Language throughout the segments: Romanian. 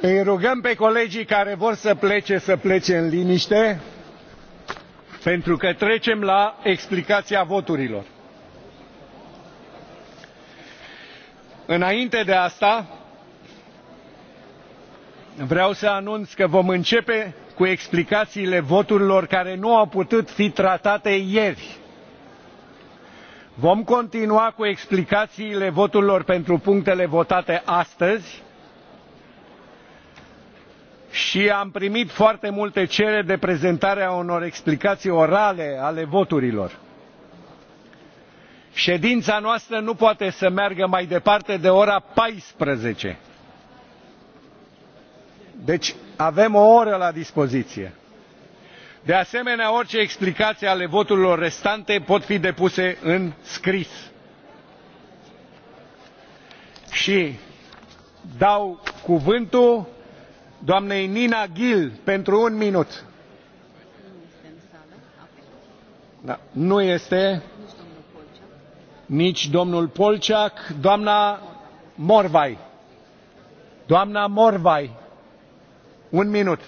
îi rugăm pe colegii care vor să plece să plece în liniște pentru că trecem la explicația voturilor. Înainte de asta, vreau să anunț că vom începe cu explicațiile voturilor care nu au putut fi tratate ieri. Vom continua cu explicațiile voturilor pentru punctele votate astăzi și am primit foarte multe cereri de prezentare a unor explicații orale ale voturilor. Ședința noastră nu poate să meargă mai departe de ora 14. Deci avem o oră la dispoziție. De asemenea, orice explicații ale voturilor restante pot fi depuse în scris. Și dau cuvântul doamnei Nina Gil pentru un minut. Da, nu este nici domnul Polciac, doamna Morvai. Doamna Morvai, un minut.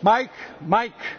Mike, Mike.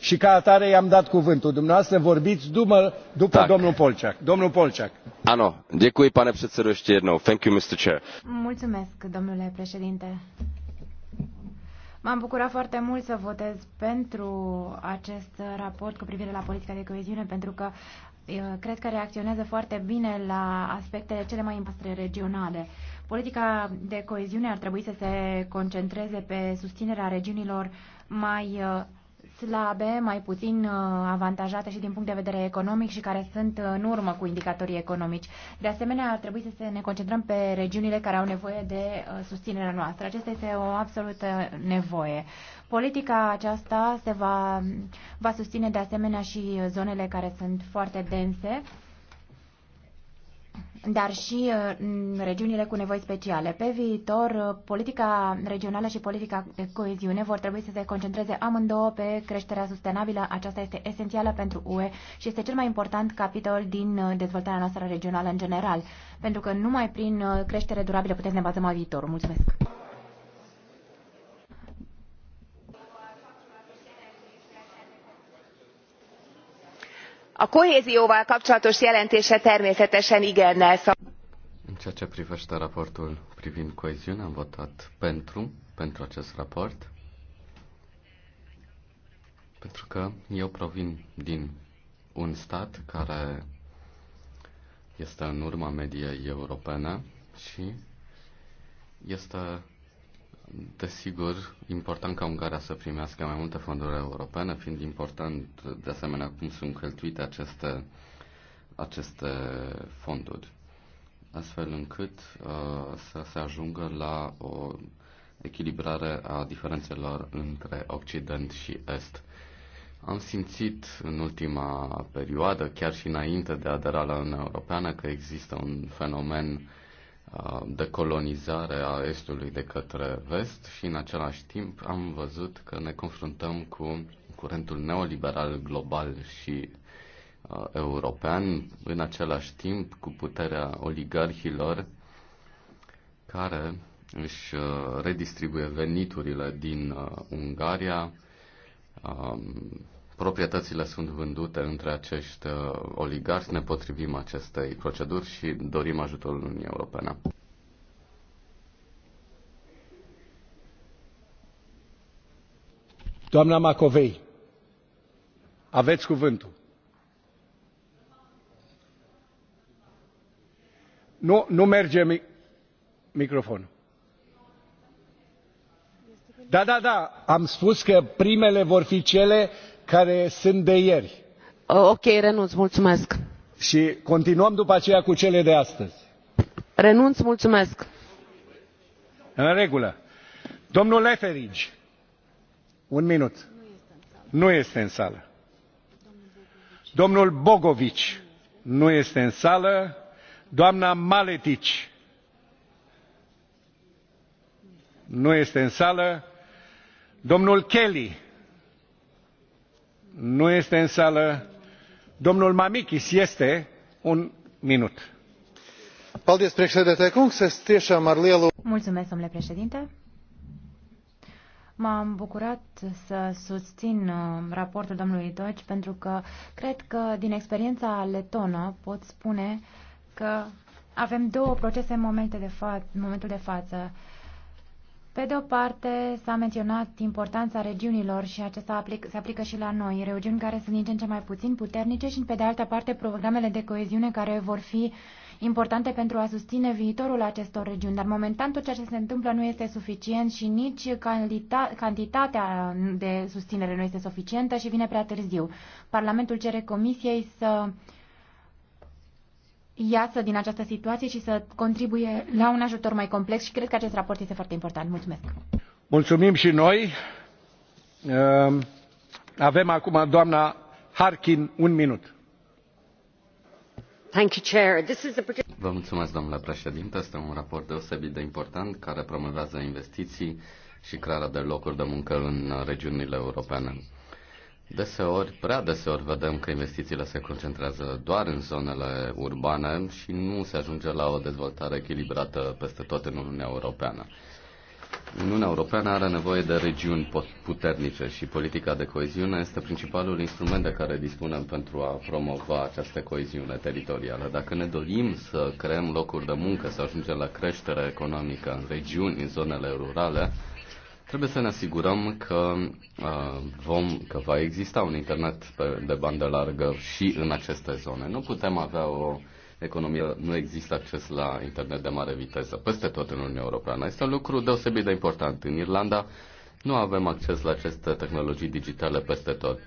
și ca atare i am dat cuvântul. dumneavoastră vorbiți după, după domnul polk. domnul polk. Ano, děkuji pane předsedo ještě jednou. Thank you, Mr. Chair. Mulțumesc, domnule președinte. M-am bucurat foarte mult să votez pentru acest raport cu privire la politica de coeziune, pentru că cred că reacționează foarte bine la aspectele cele mai importante regionale. Politica de coeziune ar trebui să se concentreze pe susținerea regiunilor mai uh, slabe, mai puțin uh, avantajate și din punct de vedere economic și care sunt în urmă cu indicatorii economici. De asemenea, ar trebui să ne concentrăm pe regiunile care au nevoie de uh, susținerea noastră. Acesta este o absolută nevoie. Politica aceasta se va, va susține de asemenea și zonele care sunt foarte dense dar și uh, în regiunile cu nevoi speciale. Pe viitor, uh, politica regională și politica de coeziune vor trebui să se concentreze amândouă pe creșterea sustenabilă. Aceasta este esențială pentru UE și este cel mai important capitol din uh, dezvoltarea noastră regională în general, pentru că numai prin creștere durabilă putem să ne bazăm viitorul. Mulțumesc! a kohézióval kapcsolatos jelentése természetesen igennel szavazott. În ceea ce privește raportul privind coeziunea, am votat pentru, pentru acest raport, pentru că eu provin din un stat care este în urma mediei europene și este Desigur, important ca Ungaria să primească mai multe fonduri europene, fiind important de asemenea cum sunt cheltuite aceste, aceste fonduri, astfel încât uh, să se ajungă la o echilibrare a diferențelor între Occident și Est. Am simțit în ultima perioadă, chiar și înainte de a adera la Uniunea Europeană, că există un fenomen de colonizare a Estului de către Vest și în același timp am văzut că ne confruntăm cu curentul neoliberal global și uh, european, în același timp cu puterea oligarhilor care își uh, redistribuie veniturile din uh, Ungaria, Uh, proprietățile sunt vândute între acești uh, oligarhi, ne potrivim acestei proceduri și dorim ajutorul Uniunii Europene. Doamna Macovei, aveți cuvântul. Nu, nu merge mi- microfonul. Da, da, da, am spus că primele vor fi cele care sunt de ieri. Ok, renunț, mulțumesc. Și continuăm după aceea cu cele de astăzi. Renunț, mulțumesc. În regulă. Domnul Leferidge, un minut. Nu este în sală. Domnul Bogovici nu este în sală. Doamna Maletici nu este în sală. Domnul Kelly nu este în sală. Domnul Mamikis este un minut. Mulțumesc, domnule președinte. M-am bucurat să susțin uh, raportul domnului Doci pentru că cred că din experiența letonă pot spune că avem două procese în, momente de fa- în momentul de față pe de o parte, s-a menționat importanța regiunilor și acesta aplic, se aplică și la noi, regiuni care sunt din ce în ce mai puțin puternice și, pe de altă parte, programele de coeziune care vor fi importante pentru a susține viitorul acestor regiuni. Dar, momentan, tot ceea ce se întâmplă nu este suficient și nici calita, cantitatea de susținere nu este suficientă și vine prea târziu. Parlamentul cere Comisiei să uh, iasă din această situație și să contribuie la un ajutor mai complex și cred că acest raport este foarte important. Mulțumesc! Mulțumim și noi! Ehm, avem acum doamna Harkin un minut. Vă mulțumesc, domnule președinte. Este un raport deosebit de important care promovează investiții și crearea de locuri de muncă în regiunile europene. Deseori, prea deseori vedem că investițiile se concentrează doar în zonele urbane și nu se ajunge la o dezvoltare echilibrată peste tot în Uniunea Europeană. Uniunea Europeană are nevoie de regiuni puternice și politica de coeziune este principalul instrument de care dispunem pentru a promova această coeziune teritorială. Dacă ne dorim să creăm locuri de muncă, să ajungem la creștere economică în regiuni, în zonele rurale, Trebuie să ne asigurăm că, uh, vom, că va exista un internet pe, de bandă largă și în aceste zone. Nu putem avea o economie, nu există acces la internet de mare viteză peste tot în Uniunea Europeană. Este un lucru deosebit de important. În Irlanda nu avem acces la aceste tehnologii digitale peste tot.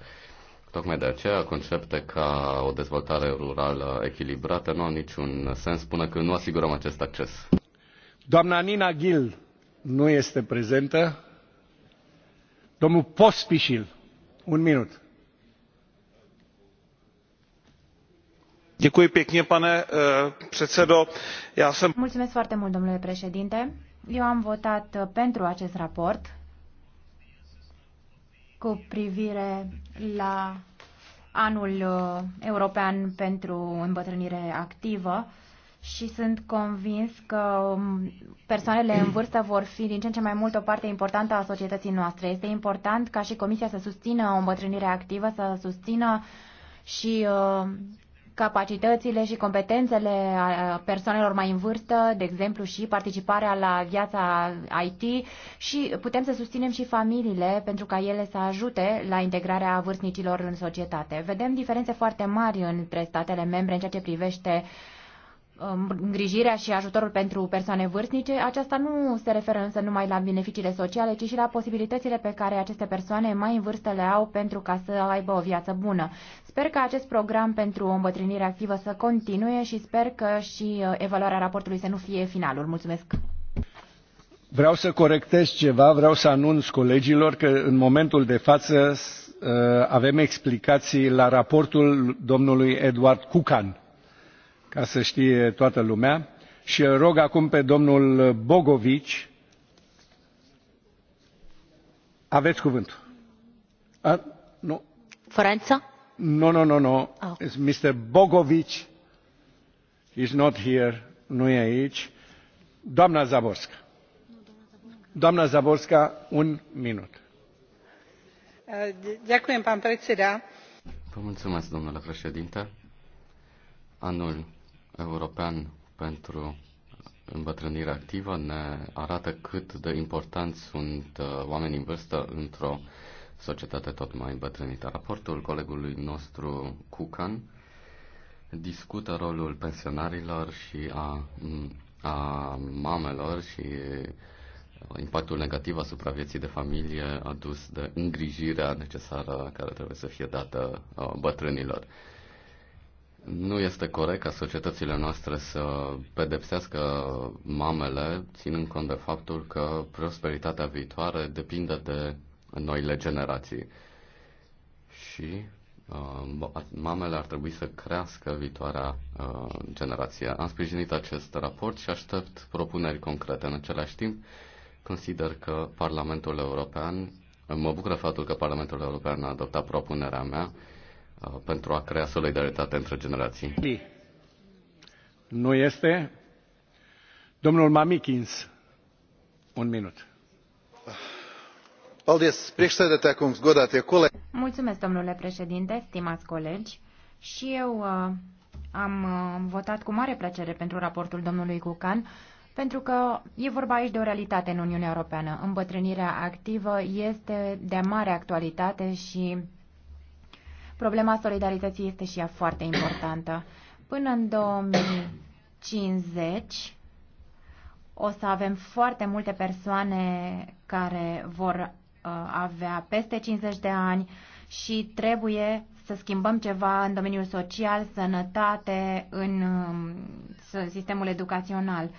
Tocmai de aceea, concepte ca o dezvoltare rurală echilibrată nu au niciun sens până când nu asigurăm acest acces. Doamna Nina Gil nu este prezentă pane eh, Mulțumesc foarte mult, domnule președinte. Eu am votat eh, pentru acest raport cu privire la anul eh, european pentru îmbătrânire activă și sunt convins că um, persoanele în vârstă vor fi din ce în ce mai mult o parte importantă a societății noastre. Este important ca și Comisia să susțină o îmbătrânire activă, să susțină și uh, capacitățile și competențele uh, persoanelor mai în vârstă, de exemplu și participarea la viața IT și putem să susținem și familiile pentru ca ele să ajute la integrarea vârstnicilor în societate. Vedem diferențe foarte mari între statele membre în ceea ce privește uh, Um, îngrijirea și ajutorul pentru persoane vârstnice, aceasta nu se referă însă numai la beneficiile sociale, ci și la posibilitățile pe care aceste persoane mai în vârstă le au pentru ca să aibă o viață bună. Sper că acest program pentru o îmbătrânire activă să continue și sper că și uh, evaluarea raportului să nu fie finalul. Mulțumesc! Vreau să corectez ceva, vreau să anunț colegilor că în momentul de față uh, avem explicații la raportul domnului Eduard Cucan ca să știe toată lumea și îl rog acum pe domnul bogovici aveți cuvântul. A, nu. Franța? Nu, nu, nu, nu. Ah, Mr. Bogovici is not here, nu e aici. Doamna Zaborska. Doamna Zaborska, un minut. Vă mulțumesc, domnule președinte. Anul european pentru îmbătrânire activă ne arată cât de important sunt uh, oamenii în vârstă într-o societate tot mai îmbătrânită. Raportul colegului nostru Cucan discută rolul pensionarilor și a, a mamelor și uh, impactul negativ asupra vieții de familie adus de îngrijirea necesară care trebuie să fie dată uh, bătrânilor. Nu este corect ca societățile noastre să pedepsească mamele, ținând cont de faptul că prosperitatea viitoare depinde de noile generații. Și uh, mamele ar trebui să crească viitoarea uh, generație. Am sprijinit acest raport și aștept propuneri concrete. În același timp, consider că Parlamentul European, mă bucură faptul că Parlamentul European a adoptat propunerea mea, Uh, pentru a crea solidaritate între generații. Nu este. Domnul Mamikins, un minut. Mulțumesc, domnule președinte, stimați colegi. Și eu uh, am uh, votat cu mare plăcere pentru raportul domnului Cucan, pentru că e vorba aici de o realitate în Uniunea Europeană. Îmbătrânirea activă este de mare actualitate și Problema solidarității este și ea foarte importantă. Până în 2050 o să avem foarte multe persoane care vor uh, avea peste 50 de ani și trebuie să schimbăm ceva în domeniul social, sănătate, în um, sistemul educațional.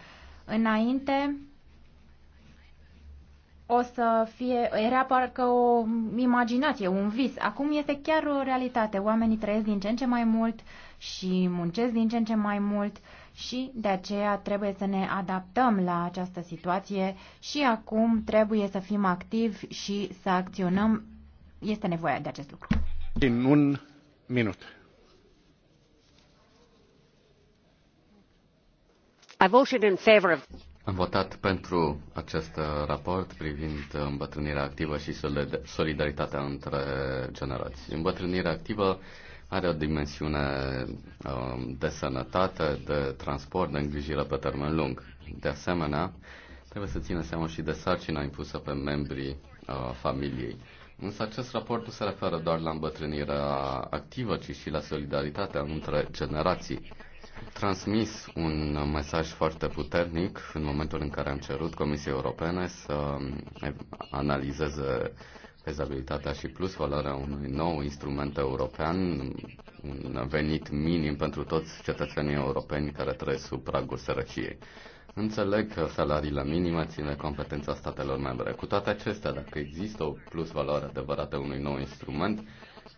Înainte, o să fie, era parcă o imaginație, un vis. Acum este chiar o realitate. Oamenii trăiesc din ce în ce mai mult și muncesc din ce în ce mai mult și de aceea trebuie să ne adaptăm la această situație și acum trebuie să fim activi și să acționăm. Este nevoie de acest lucru. Din un minut. I voted in favor of am votat pentru acest uh, raport privind îmbătrânirea activă și solidaritatea între generații. Îmbătrânirea activă are o dimensiune um, de sănătate, de transport, de îngrijire pe termen lung. De asemenea, trebuie să țină seama și de sarcina impusă pe membrii uh, familiei. Însă acest raport nu se referă doar la îmbătrânirea activă, ci și la solidaritatea între generații transmis un mesaj foarte puternic în momentul în care am cerut Comisiei Europene să eh, analizeze fezabilitatea și plus valoarea unui nou instrument european, un venit minim pentru toți cetățenii europeni care trăiesc sub pragul sărăciei. Înțeleg că salariile minime ține competența statelor membre. Cu toate acestea, dacă există o plus valoare adevărată unui nou instrument,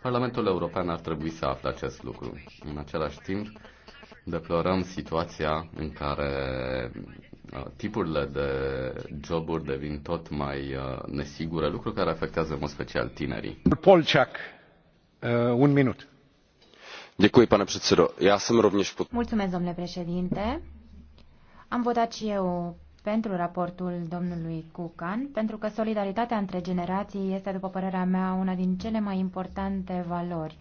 Parlamentul European ar trebui să afle acest lucru. În același timp, deplorăm situația în care uh, tipurile de joburi devin tot mai uh, nesigure, lucru care afectează în mod special tinerii. Polciac, uh, un minut. Děkuji, pane předsedo. Já jsem rovněž... Mulțumesc, domnule președinte. Am votat și eu pentru raportul domnului Cucan, pentru că solidaritatea între generații este, după părerea mea, una din cele mai importante valori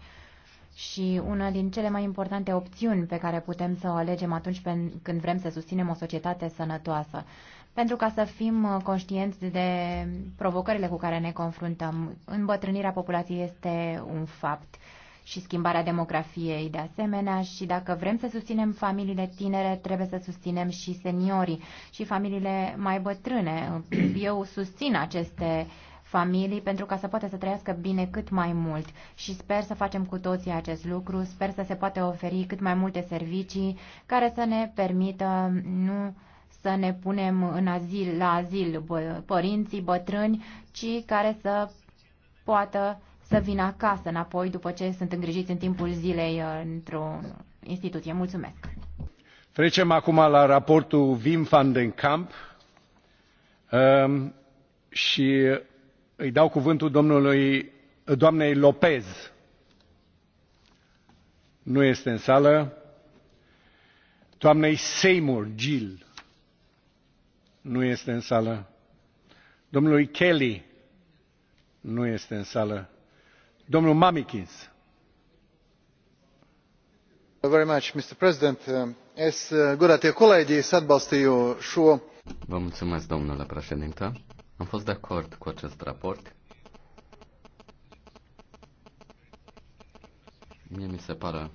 și una din cele mai importante opțiuni pe care putem să o alegem atunci când vrem să susținem o societate sănătoasă. Pentru ca să fim uh, conștienți de provocările cu care ne confruntăm, îmbătrânirea populației este un fapt și schimbarea demografiei de asemenea și dacă vrem să susținem familiile tinere, trebuie să susținem și seniorii și familiile mai bătrâne. Eu susțin aceste uh, familii pentru ca să poată să trăiască bine cât mai mult. Și sper să facem cu toții acest lucru, sper să se poate oferi cât mai multe servicii care să ne permită nu să ne punem în azil, la azil bă, părinții bătrâni, ci care să poată să vină acasă înapoi după ce sunt îngrijiți în timpul zilei uh, într-o instituție. Mulțumesc! Trecem acum la raportul Wim van den Kamp um, și îi dau cuvântul domnului, doamnei Lopez. Nu este în sală. Doamnei Seymour Gill. Nu este în sală. Domnului Kelly. Nu este în sală. Domnul Mamikins. Very much, Mr. President. Es eh, godātie kolēģi, es atbalstīju šo. Vă mulțumesc, domnule președinte am fost de acord cu acest raport. Mie mi se pare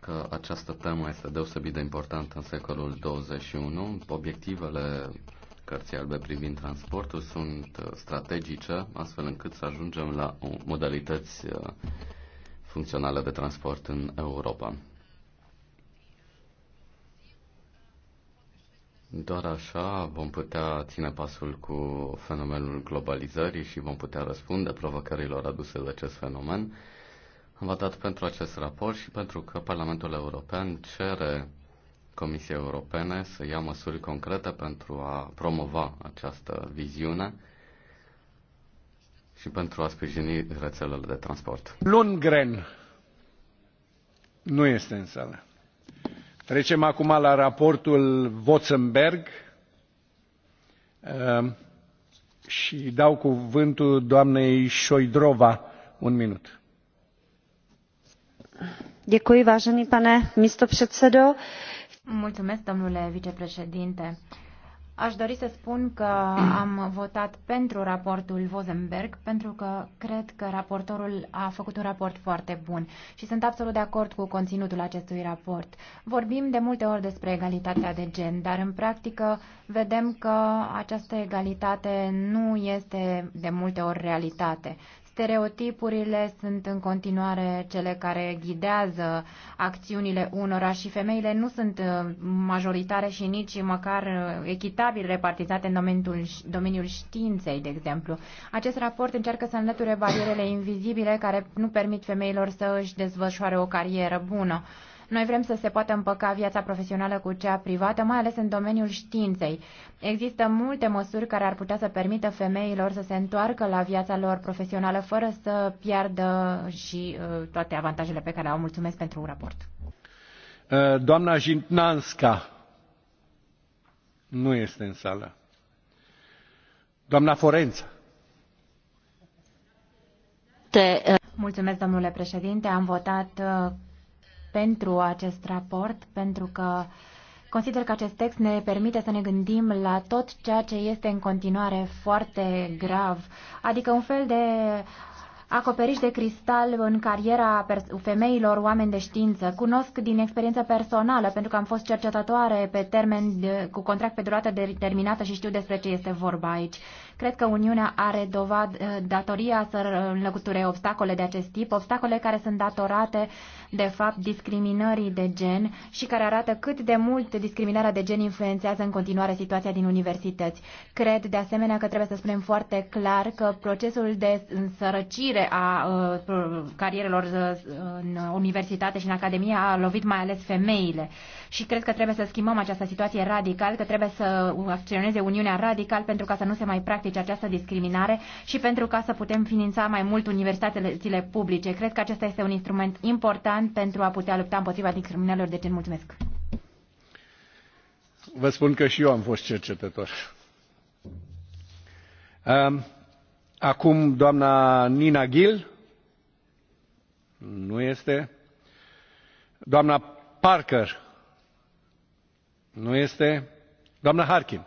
că această temă este deosebit de importantă în secolul 21. Obiectivele cărții albe privind transportul sunt uh, strategice, astfel încât să ajungem la uh, modalități uh, funcționale de transport în Europa. Doar așa vom putea ține pasul cu fenomenul globalizării și vom putea răspunde provocărilor aduse de acest fenomen. Am votat pentru acest raport și pentru că Parlamentul European cere Comisiei Europene să ia măsuri concrete pentru a promova această viziune și pentru a sprijini rețelele de transport. Lundgren nu este în sală. Trecem acum la raportul vozemberg ehm, și dau cuvântul doamnei Șoidrova. Un minut. Děkuji, vážený pane místopředsedo. Mulțumesc, domnule vicepreședinte. Aș dori să spun că am votat pentru raportul Vozenberg, pentru că cred că raportorul a făcut un raport foarte bun și sunt absolut de acord cu conținutul acestui raport. Vorbim de multe ori despre egalitatea de gen, dar în practică vedem că această egalitate nu este de multe ori realitate. Stereotipurile sunt în continuare cele care ghidează acțiunile unora și femeile nu sunt uh, majoritare și nici măcar uh, echitabil repartizate în domeniul, domeniul științei, de exemplu. Acest raport încearcă să înlăture barierele invizibile care nu permit femeilor să își dezvășoare o carieră bună. Noi vrem să se poată împăca viața profesională cu cea privată, mai ales în domeniul științei. Există multe măsuri care ar putea să permită femeilor să se întoarcă la viața lor profesională fără să piardă și uh, toate avantajele pe care le au. Mulțumesc pentru un raport. Uh, doamna Jintnanska nu este în sală. Doamna Forența. Uh, Mulțumesc, domnule președinte. Am votat pentru acest raport, pentru că consider că acest text ne permite să ne gândim la tot ceea ce este în continuare foarte grav, adică un fel de acoperiș de cristal în cariera femeilor oameni de știință. Cunosc din experiență personală, pentru că am fost cercetătoare pe termen de, cu contract pe durată determinată și știu despre ce este vorba aici. Cred că Uniunea are dovad, eh, datoria să înlăcăture obstacole de acest tip, obstacole care sunt datorate, de fapt, discriminării de gen și care arată cât de mult discriminarea de gen influențează în continuare situația din universități. Cred, de asemenea, că trebuie să spunem foarte clar că procesul de însărăcire a eh, carierelor eh, în universitate și în academie a lovit mai ales femeile și cred că trebuie să schimbăm această situație radical, că trebuie să acționeze Uniunea radical pentru ca să nu se mai practice această discriminare și pentru ca să putem finanța mai mult universitățile publice. Cred că acesta este un instrument important pentru a putea lupta împotriva discriminărilor de gen. Mulțumesc! Vă spun că și eu am fost cercetător. Acum doamna Nina Gil. Nu este. Doamna Parker nu este. Harkin.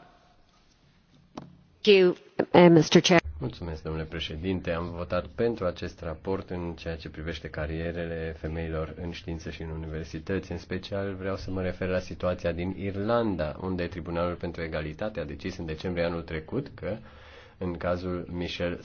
Uh, Mulțumesc, domnule președinte. Am votat pentru acest raport în ceea ce privește carierele femeilor în știință și în universități. În special vreau să mă refer la situația din Irlanda, unde Tribunalul pentru Egalitate a decis în decembrie anul trecut că, în cazul Michelle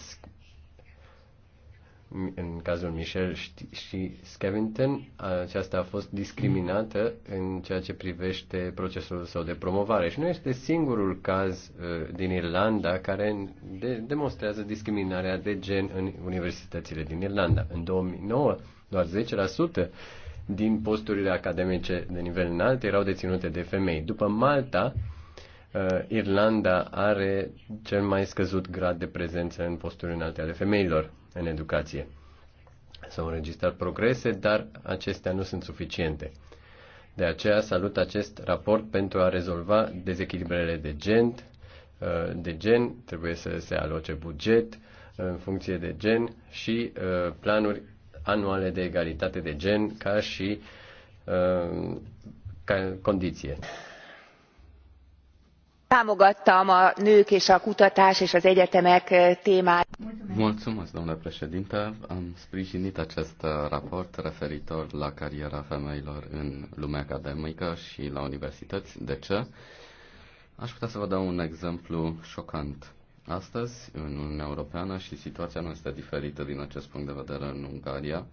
în cazul Michel și Skevington, aceasta a fost discriminată în ceea ce privește procesul său de promovare. Și nu este singurul caz uh, din Irlanda care de- demonstrează discriminarea de gen în universitățile din Irlanda. În 2009, doar 10% din posturile academice de nivel înalt erau deținute de femei. După Malta, uh, Irlanda are cel mai scăzut grad de prezență în posturi înalte ale femeilor în educație. S-au înregistrat progrese, dar acestea nu sunt suficiente. De aceea salut acest raport pentru a rezolva dezechilibrele de gen. Uh, de gen trebuie să se aloce buget uh, în funcție de gen și uh, planuri anuale de egalitate de gen ca și ca condiție támogattam a nők és a kutatás és az egyetemek eh, témáját. Mulțumesc, domnule președinte. Am sprijinit acest eh, raport referitor la cariera femeilor în lumea academică și la universități. De ce? Aș putea să vă dau un exemplu șocant. Astăzi, în Uniunea Europeană, și situația nu este diferită din acest punct de vedere în Ungaria,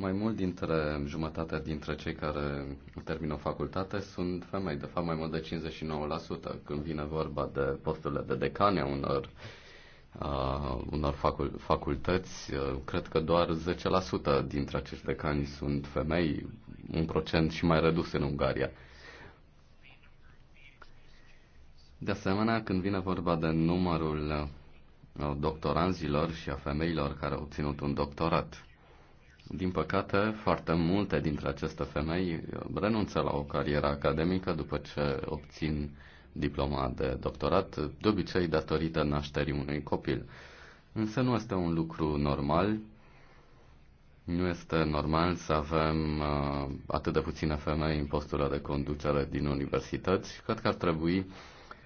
mai mult dintre jumătatea dintre cei care termină facultate sunt femei, de fapt mai mult de 59%, când vine vorba de posturile de decane a unor, uh, unor facul- facultăți, uh, cred că doar 10% dintre acești decani sunt femei, un procent și mai redus în Ungaria. De asemenea, când vine vorba de numărul doctoranzilor și a femeilor care au obținut un doctorat, din păcate, foarte multe dintre aceste femei renunță la o carieră academică după ce obțin diploma de doctorat, de obicei datorită nașterii unui copil. Însă nu este un lucru normal. Nu este normal să avem uh, atât de puține femei în posturile de conducere din universități. Cred că ar trebui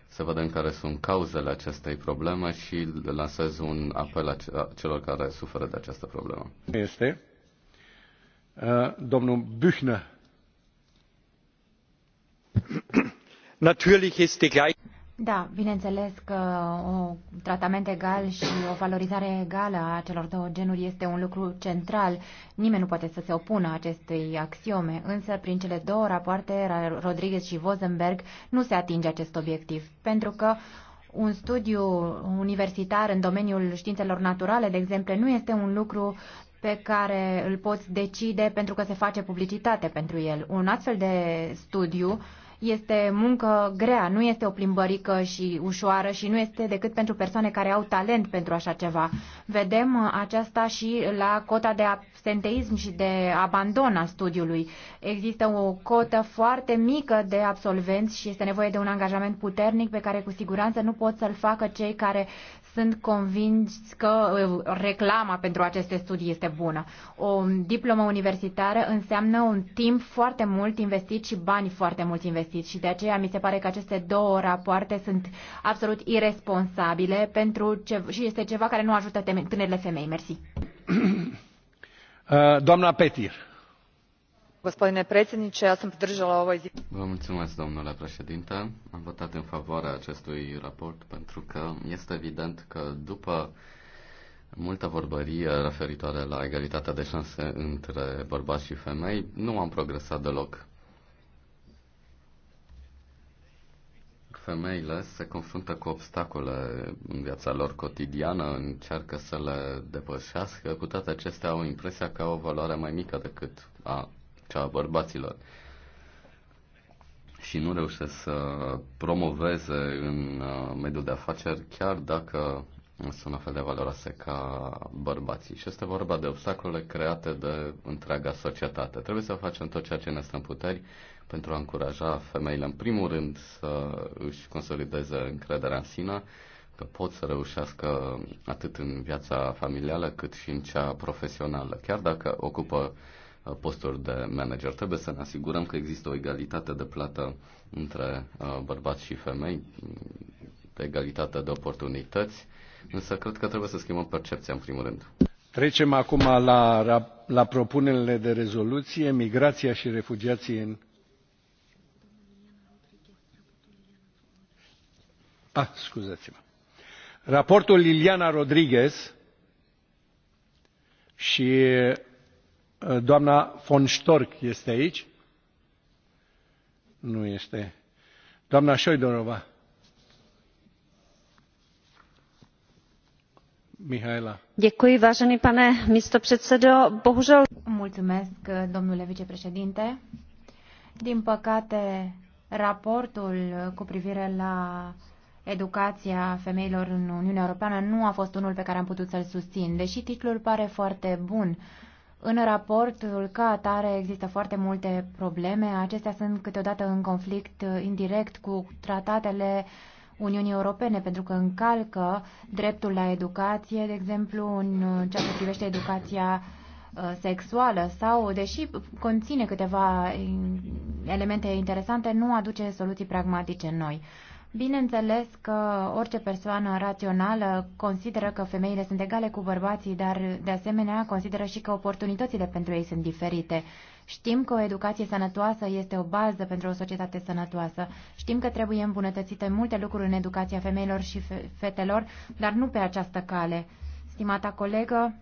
să vedem care sunt cauzele acestei probleme și lansez un apel a celor care suferă de această problemă. Este. Äh, Büchner. Da, bineînțeles că un tratament egal și o valorizare egală a celor două genuri este un lucru central. Nimeni nu poate să se opună acestei axiome, însă prin cele două rapoarte, Rodriguez și Vozenberg, nu se atinge acest obiectiv, pentru că un studiu universitar în domeniul științelor naturale, de exemplu, nu este un lucru pe care îl poți decide pentru că se face publicitate pentru el. Un astfel de studiu este muncă grea, nu este o plimbărică și ușoară și nu este decât pentru persoane care au talent pentru așa ceva. Vedem aceasta și la cota de absenteism și de abandon al studiului. Există o cotă foarte mică de absolvenți și este nevoie de un angajament puternic pe care cu siguranță nu pot să-l facă cei care sunt convins că uh, reclama pentru aceste studii este bună. O diplomă universitară înseamnă un timp foarte mult investit și bani foarte mult investiți și de aceea mi se pare că aceste două rapoarte sunt absolut irresponsabile pentru ce, și este ceva care nu ajută tânările femei. Mersi. Uh, doamna Petir. Gospodine predsjedniče, ja sam podržala ovo izvješće. Vă mulțumesc, domnule președinte. Am votat în favoarea acestui raport pentru că este evident că după multă vorbărie referitoare la egalitatea de șanse între bărbați și femei, nu am progresat deloc. Femeile se confruntă cu obstacole în viața lor cotidiană, încearcă să le depășească, cu toate acestea au impresia că au o valoare mai mică decât a cea a bărbaților și nu reușesc să promoveze în uh, mediul de afaceri, chiar dacă sunt la fel de valoroase ca bărbații. Și este vorba de obstacole create de întreaga societate. Trebuie să facem tot ceea ce ne stă în puteri pentru a încuraja femeile, în primul rând, să își consolideze încrederea în sine, că pot să reușească atât în viața familială cât și în cea profesională, chiar dacă ocupă Uh, posturi de manager. Trebuie să ne asigurăm că există o egalitate de plată între uh, bărbați și femei, mm, egalitate de oportunități, însă cred că trebuie să schimbăm percepția în primul rând. Trecem acum la, la propunerile de rezoluție, migrația și refugiații în... Ah, scuzați-mă. Raportul Liliana Rodriguez și Uh, doamna von Storch este aici? Nu este. Doamna Șoidorova. Mihaela. Děkuji, vážený pane místopředsedo. Bohužel... Mulțumesc, uh, domnule vicepreședinte. Din păcate, raportul uh, cu privire la educația femeilor în Uniunea Europeană nu a fost unul pe care am putut să-l susțin, deși titlul pare foarte bun. Uh, în raportul ca atare există foarte multe probleme. Acestea sunt câteodată în conflict indirect cu tratatele Uniunii Europene, pentru că încalcă dreptul la educație, de exemplu, în ceea ce privește educația uh, sexuală sau, deși conține câteva uh, elemente interesante, nu aduce soluții pragmatice noi. Bineînțeles că orice persoană rațională consideră că femeile sunt egale cu bărbații, dar de asemenea consideră și că oportunitățile pentru ei sunt diferite. Știm că o educație sănătoasă este o bază pentru o societate sănătoasă. Știm că trebuie îmbunătățite multe lucruri în educația femeilor și fe fetelor, dar nu pe această cale. Stimata colegă,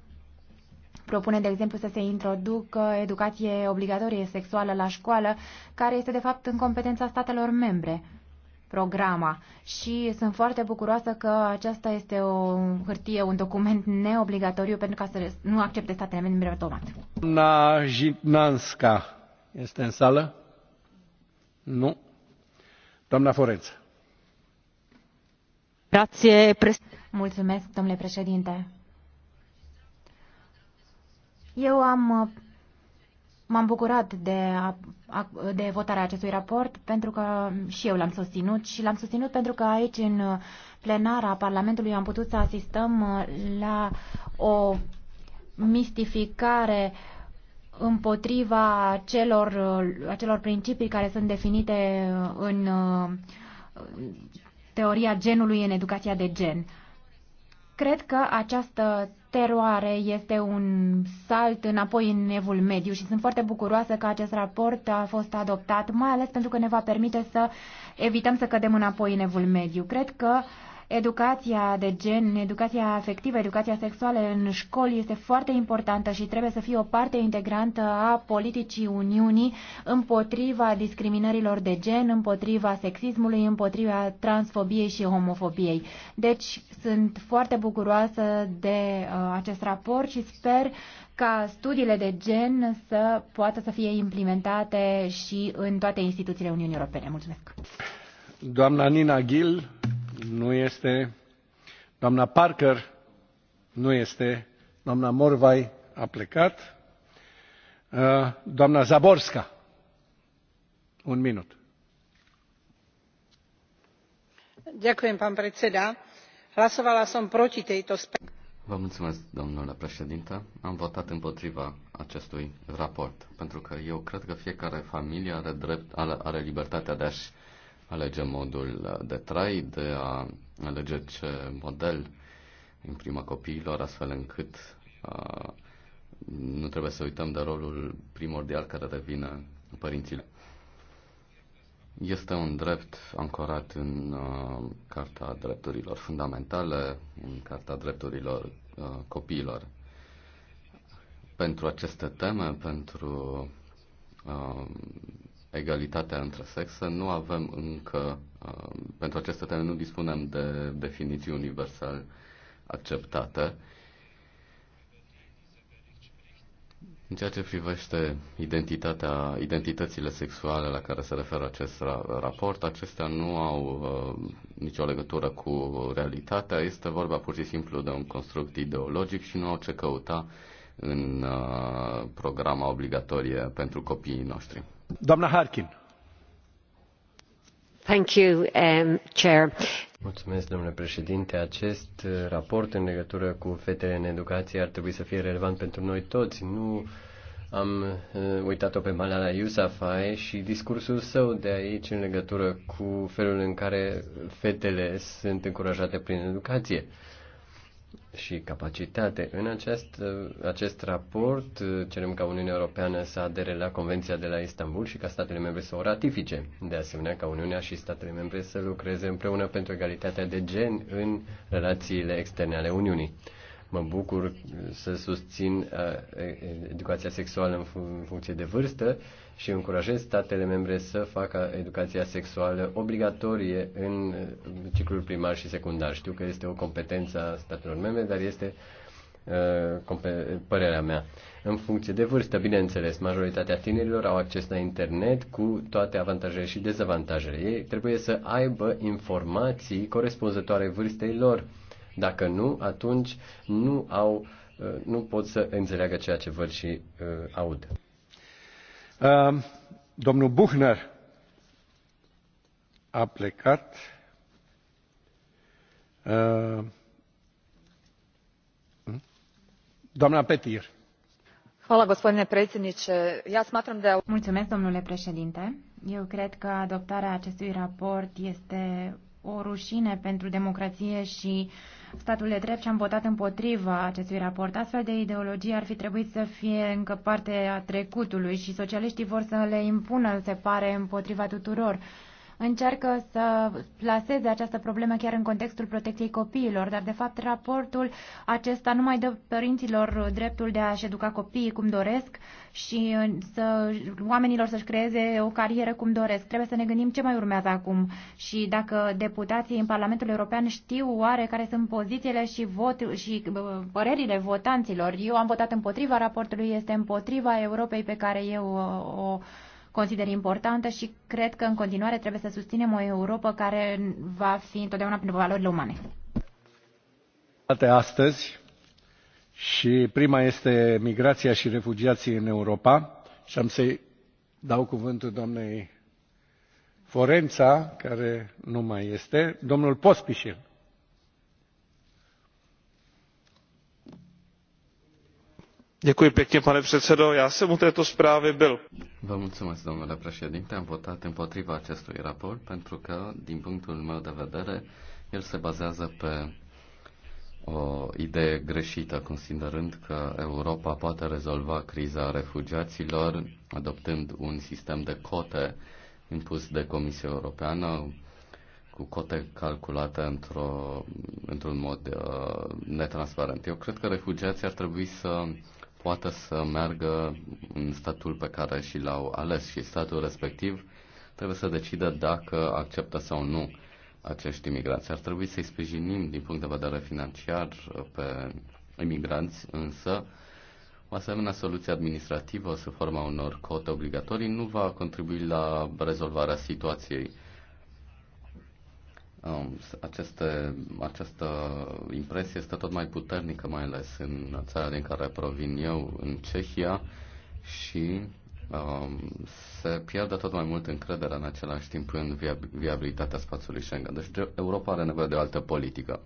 propune, de exemplu, să se introducă educație obligatorie sexuală la școală, care este, de fapt, în competența statelor membre programa și sunt foarte bucuroasă că aceasta este o hârtie, un document neobligatoriu pentru ca să nu accepte statele membre automat. Na Jitnanska este în sală? Nu. Doamna Forență. Grație, Mulțumesc, domnule președinte. Eu am M-am bucurat de, de votarea acestui raport pentru că și eu l-am susținut și l-am susținut pentru că aici în plenara Parlamentului am putut să asistăm la o mistificare împotriva celor, acelor principii care sunt definite în uh, teoria genului în educația de gen. Cred că această teroare este un salt înapoi în evul mediu și sunt foarte bucuroasă că acest raport a fost adoptat, mai ales pentru că ne va permite să evităm să cădem înapoi în evul mediu. Cred că uh, Educația de gen, educația afectivă, educația sexuală în școli este foarte importantă și trebuie să fie o parte integrantă a politicii Uniunii împotriva discriminărilor de gen, împotriva sexismului, împotriva transfobiei și homofobiei. Deci sunt foarte bucuroasă de uh, acest raport și sper ca studiile de gen să poată să fie implementate și în toate instituțiile Uniunii Europene. Mulțumesc! Doamna Nina Gil, nu este doamna parker nu este doamna morvai a plecat uh, doamna zborsk un minut. pán predseda. Hlasovala som proti tejto správe. Vă mulțumesc, domnule președinte. Am votat împotriva acestui raport, pentru că eu cred că fiecare familie are, drept, are, are libertatea de a-și alege modul de trai, de a alege ce model prima copiilor, astfel încât uh, nu trebuie să uităm de rolul primordial care revine părinților. Este un drept ancorat în uh, Carta Drepturilor Fundamentale, în Carta Drepturilor uh, Copiilor. Pentru aceste teme, pentru uh, egalitatea între sexe, nu avem încă, uh, pentru aceste teme nu dispunem de definiții universal acceptate. În ceea ce privește identitatea, identitățile sexuale la care se referă acest ra- raport, acestea nu au uh, nicio legătură cu realitatea, este vorba pur și simplu de un construct ideologic și nu au ce căuta în uh, programa obligatorie pentru copiii noștri. Doamna Harkin. Um, Mulțumesc, domnule președinte. Acest uh, raport în legătură cu fetele în educație ar trebui să fie relevant pentru noi toți. Nu am uh, uitat-o pe Malala Yousafzai și discursul său de aici în legătură cu felul în care fetele sunt încurajate prin educație. Uh, și capacitate. În acest, acest raport uh, cerem ca Uniunea Europeană să adere la Convenția de la Istanbul și ca statele membre să o ratifice. De asemenea, ca Uniunea și statele membre să lucreze împreună pentru egalitatea de gen în relațiile externe ale Uniunii. Mă bucur uh, să susțin uh, educația sexuală în funcție de vârstă și încurajez statele membre să facă educația sexuală obligatorie în uh, ciclul primar și secundar. Știu că este o competență a statelor membre, dar este uh, părerea mea. În funcție de vârstă, bineînțeles, majoritatea tinerilor au acces la internet cu toate avantajele și dezavantajele. Ei trebuie să aibă informații corespunzătoare vârstei lor. Dacă nu, atunci nu au uh, nu pot să înțeleagă ceea ce văd și uh, aud. Ehm, domnul buchner a plecat ehm, hm? doamna petir gospodine predsjednie ja smatram da je. mulumesc domnule președinte. eu cred că adoptarea acestui raport este o rușine pentru democraie i statul de drept și am votat împotriva acestui raport. Astfel de ideologie ar fi trebuit să fie încă parte a trecutului și socialiștii vor să le impună, se pare, împotriva tuturor încearcă să plaseze această problemă chiar în contextul protecției copiilor, dar de fapt raportul acesta nu mai dă părinților dreptul de a-și educa copiii cum doresc și să, oamenilor să-și creeze o carieră cum doresc. Trebuie să ne gândim ce mai urmează acum și dacă deputații în Parlamentul European știu oare care sunt pozițiile și, vot, și părerile votanților. Eu am votat împotriva raportului, este împotriva Europei pe care eu o consider importantă și cred că în continuare trebuie să susținem o Europa care va fi întotdeauna prin valorile umane. Astăzi și prima este migrația și refugiații în Europa și am să-i dau cuvântul doamnei Forența, care nu mai este, domnul Pospișil. pane předsedající já jsem u této zprávy byl. domnule președinte am votat împotriva acestui raport pentru că din punctul meu de vedere el se bazează pe o idee greșită, considerând că Europa poate rezolva criza refugiaților adoptând un sistem de cote impus de Comisia Europeană, cu cote calculate într-o, într-un mod uh, netransparent. Eu cred că refugiații ar trebui să poată să meargă în statul pe care și l-au ales și statul respectiv trebuie să decidă dacă acceptă sau nu acești imigranți. Ar trebui să-i sprijinim din punct de vedere financiar pe imigranți, însă o asemenea soluție administrativă sub forma unor cote obligatorii nu va contribui la rezolvarea situației Um, aceste, această impresie este tot mai puternică, mai ales în țara din care provin eu, în Cehia, și um, se pierde tot mai mult încrederea în același timp în viabilitatea spațiului Schengen. Deci Europa are nevoie de o altă politică.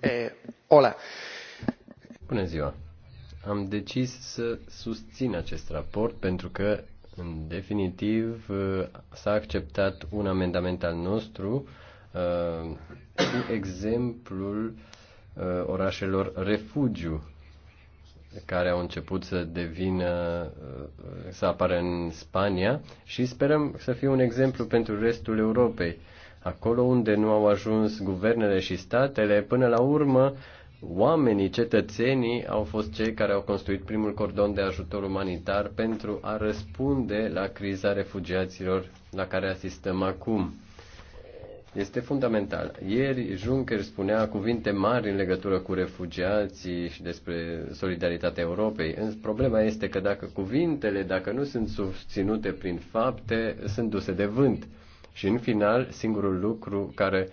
E, hola. Bună ziua! Am decis să susțin acest raport pentru că în definitiv, uh, s-a acceptat un amendament al nostru uh, cu exemplul uh, orașelor refugiu care au început să devină, să apară în Spania și sperăm să fie un exemplu pentru restul Europei. Acolo unde nu au ajuns guvernele și statele, până la urmă Oamenii, cetățenii, au fost cei care au construit primul cordon de ajutor umanitar pentru a răspunde la criza refugiaților la care asistăm acum. Este fundamental. Ieri Juncker spunea cuvinte mari în legătură cu refugiații și despre solidaritatea Europei. Însă problema este că dacă cuvintele, dacă nu sunt susținute prin fapte, sunt duse de vânt. Și în final, singurul lucru care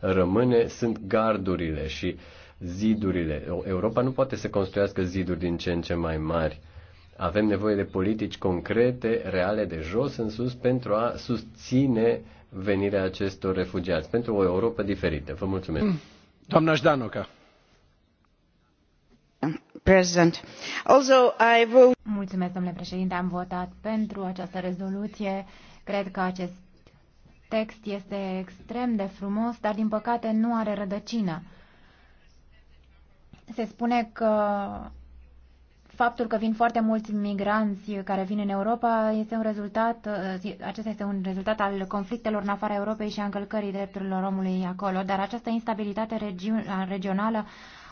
rămâne sunt gardurile și uh, zidurile. Europa nu poate să construiască ziduri din ce în ce mai mari. Avem nevoie de politici concrete, reale, de jos în sus, pentru a susține venirea acestor refugiați, pentru o Europa diferită. Vă mulțumesc. Mm. Doamna Ștanoca. President. Also, I will... Mulțumesc, domnule președinte. Am votat pentru această rezoluție. Cred că acest text este extrem de frumos, dar din păcate nu are rădăcină se spune că faptul că vin foarte mulți migranți care vin în Europa este un rezultat, acesta este un rezultat al conflictelor în afara Europei și a încălcării drepturilor omului acolo, dar această instabilitate regională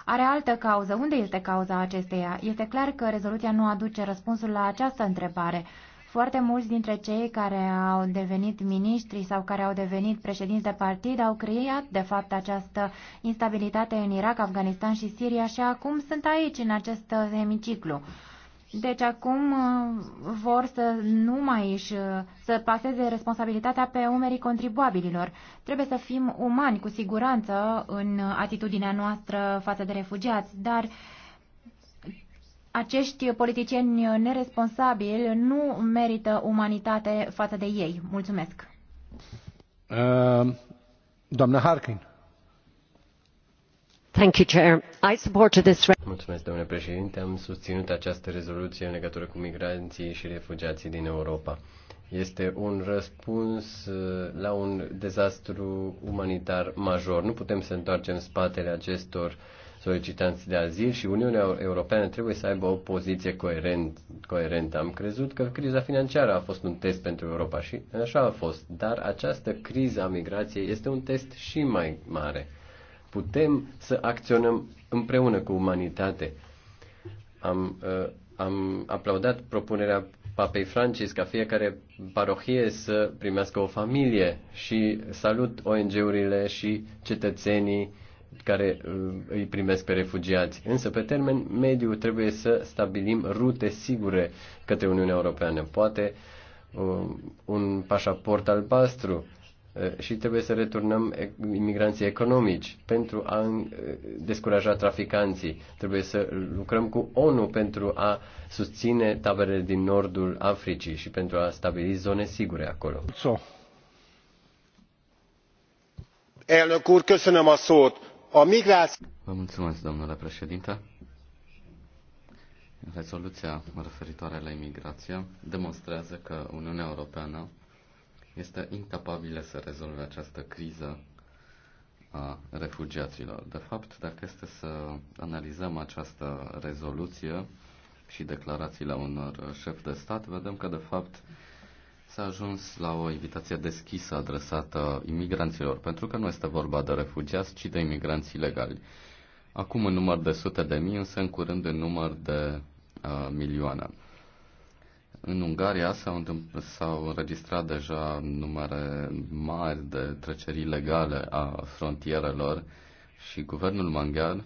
are altă cauză. Unde este cauza acesteia? Este clar că rezoluția nu aduce răspunsul la această întrebare. Foarte mulți dintre cei care au devenit miniștri sau care au devenit președinți de partid au creat, de fapt, această instabilitate în Irak, Afganistan și Siria și acum sunt aici, în acest hemiciclu. Deci acum uh, vor să nu mai își, uh, să paseze responsabilitatea pe umerii contribuabililor. Trebuie să fim umani, cu siguranță, în uh, atitudinea noastră față de refugiați, dar uh, acești politicieni neresponsabili nu merită umanitate față de ei. Mulțumesc. Uh, doamna Harkin. Thank you, Chair. I supported this... Mulțumesc, domnule președinte. Am susținut această rezoluție în legătură cu migranții și refugiații din Europa. Este un răspuns uh, la un dezastru umanitar major. Nu putem să întoarcem spatele acestor uh, solicitanți de azil și Uniunea Europeană trebuie să aibă o poziție coerent, coerentă. Am crezut că criza financiară a fost un test pentru Europa și așa a fost, dar această criză a migrației este un test și mai mare. Putem să acționăm împreună cu umanitate. Am, uh, am aplaudat propunerea Papei Francis ca fiecare parohie să primească o familie și salut ONG-urile și cetățenii care uh, îi primesc pe refugiați. Însă, pe termen mediu, trebuie să stabilim rute sigure către Uniunea Europeană. Poate uh, un pașaport albastru uh, și trebuie să returnăm imigranții economici pentru a descuraja traficanții. Trebuie să lucrăm cu ONU pentru a susține taberele din nordul Africii și pentru a stabili zone sigure acolo. So. Elnök úr, köszönöm a szót! o migrație. Vă mulțumesc, domnule președinte. Rezoluția referitoare la imigrație demonstrează că Uniunea Europeană este incapabilă să rezolve această criză a refugiaților. De fapt, dacă este să analizăm această rezoluție și declarațiile unor șefi de stat, vedem că, de fapt, S-a ajuns la o invitație deschisă adresată imigranților, pentru că nu este vorba de refugiați, ci de imigranți ilegali. Acum în număr de sute de mii, însă în curând în număr de uh, milioane. În Ungaria s-au, s-au înregistrat deja numere mari de treceri ilegale a frontierelor și guvernul maghiar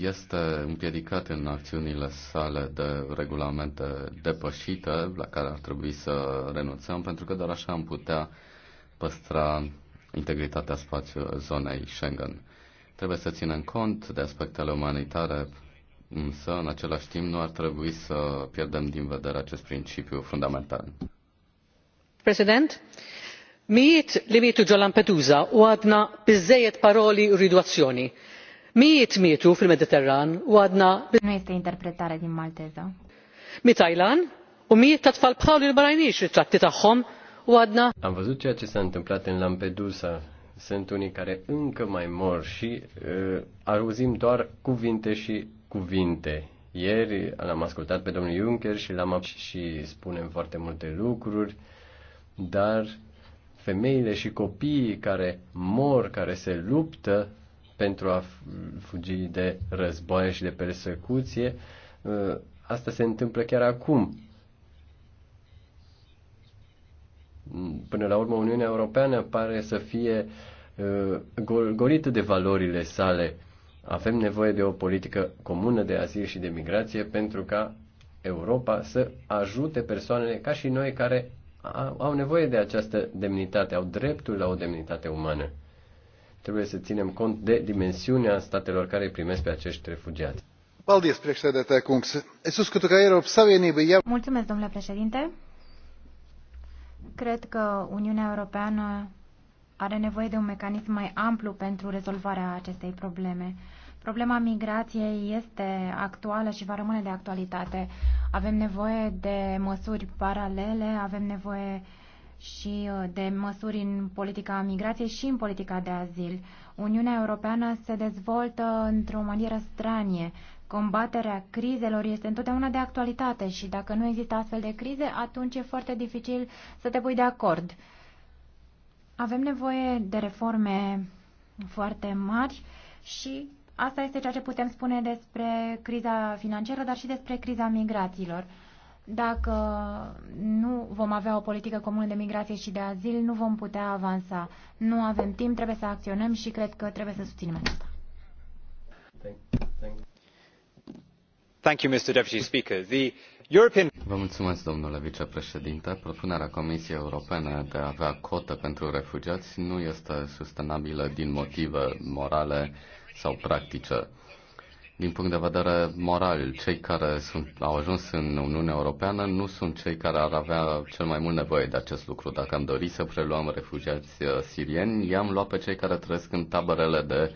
este împiedicat în acțiunile sale de regulamente depășite la care ar trebui să renunțăm, pentru că doar așa am putea păstra integritatea spațiului zonei Schengen. Trebuie să ținem cont de aspectele umanitare, însă, în același timp, nu ar trebui să pierdem din vedere acest principiu fundamental. President, mijiet li mietu ġo Lampedusa u għadna bizzejiet paroli u Mijiet mietu fil-Mediterran u għadna. Nu este interpretare din Malteza. Mi Tajlan u mijiet ta' tfal bħaw li l-barajnix ritratti tagħhom u għadna. Am văzut ceea ce s-a întâmplat în Lampedusa. Sunt unii care încă mai mor și uh, auzim doar cuvinte și cuvinte. Ieri l-am ascultat pe domnul Juncker și l-am și spunem foarte multe lucruri, dar femeile și copiii care mor, care se luptă pentru a fugi de războaie și de persecuție. Uh, asta se întâmplă chiar acum. Până la urmă, Uniunea Europeană pare să fie uh, golită de valorile sale. Avem nevoie de o politică comună de azil și de migrație pentru ca Europa să ajute persoanele ca și noi care au nevoie de această demnitate, au dreptul la o demnitate umană. Trebuie să ținem cont de dimensiunea statelor care îi primesc pe acești refugiați. Mulțumesc, domnule președinte. Cred că Uniunea Europeană are nevoie de un mecanism mai amplu pentru rezolvarea acestei probleme. Problema migrației este actuală și va rămâne de actualitate. Avem nevoie de măsuri paralele, avem nevoie și uh, de măsuri în politica migrației și în politica de azil. Uniunea Europeană se dezvoltă într-o manieră stranie. Combaterea crizelor este întotdeauna de actualitate și dacă nu există astfel de crize, atunci e foarte dificil să te pui de acord. Avem nevoie de reforme foarte mari și asta este ceea ce putem spune despre criza financiară, dar și despre criza migrațiilor. Dacă nu vom avea o politică comună de migrație și de azil, nu vom putea avansa. Nu avem timp, trebuie să acționăm și cred că trebuie să susținem asta. Vă mulțumesc, domnule vicepreședinte. Propunerea Comisiei Europene de a avea cotă pentru refugiați nu este sustenabilă din motive morale sau practice din punct de vedere moral. Cei care sunt, au ajuns în Uniunea Europeană nu sunt cei care ar avea cel mai mult nevoie de acest lucru. Dacă am dorit să preluăm refugiați uh, sirieni, i-am luat pe cei care trăiesc în taberele de,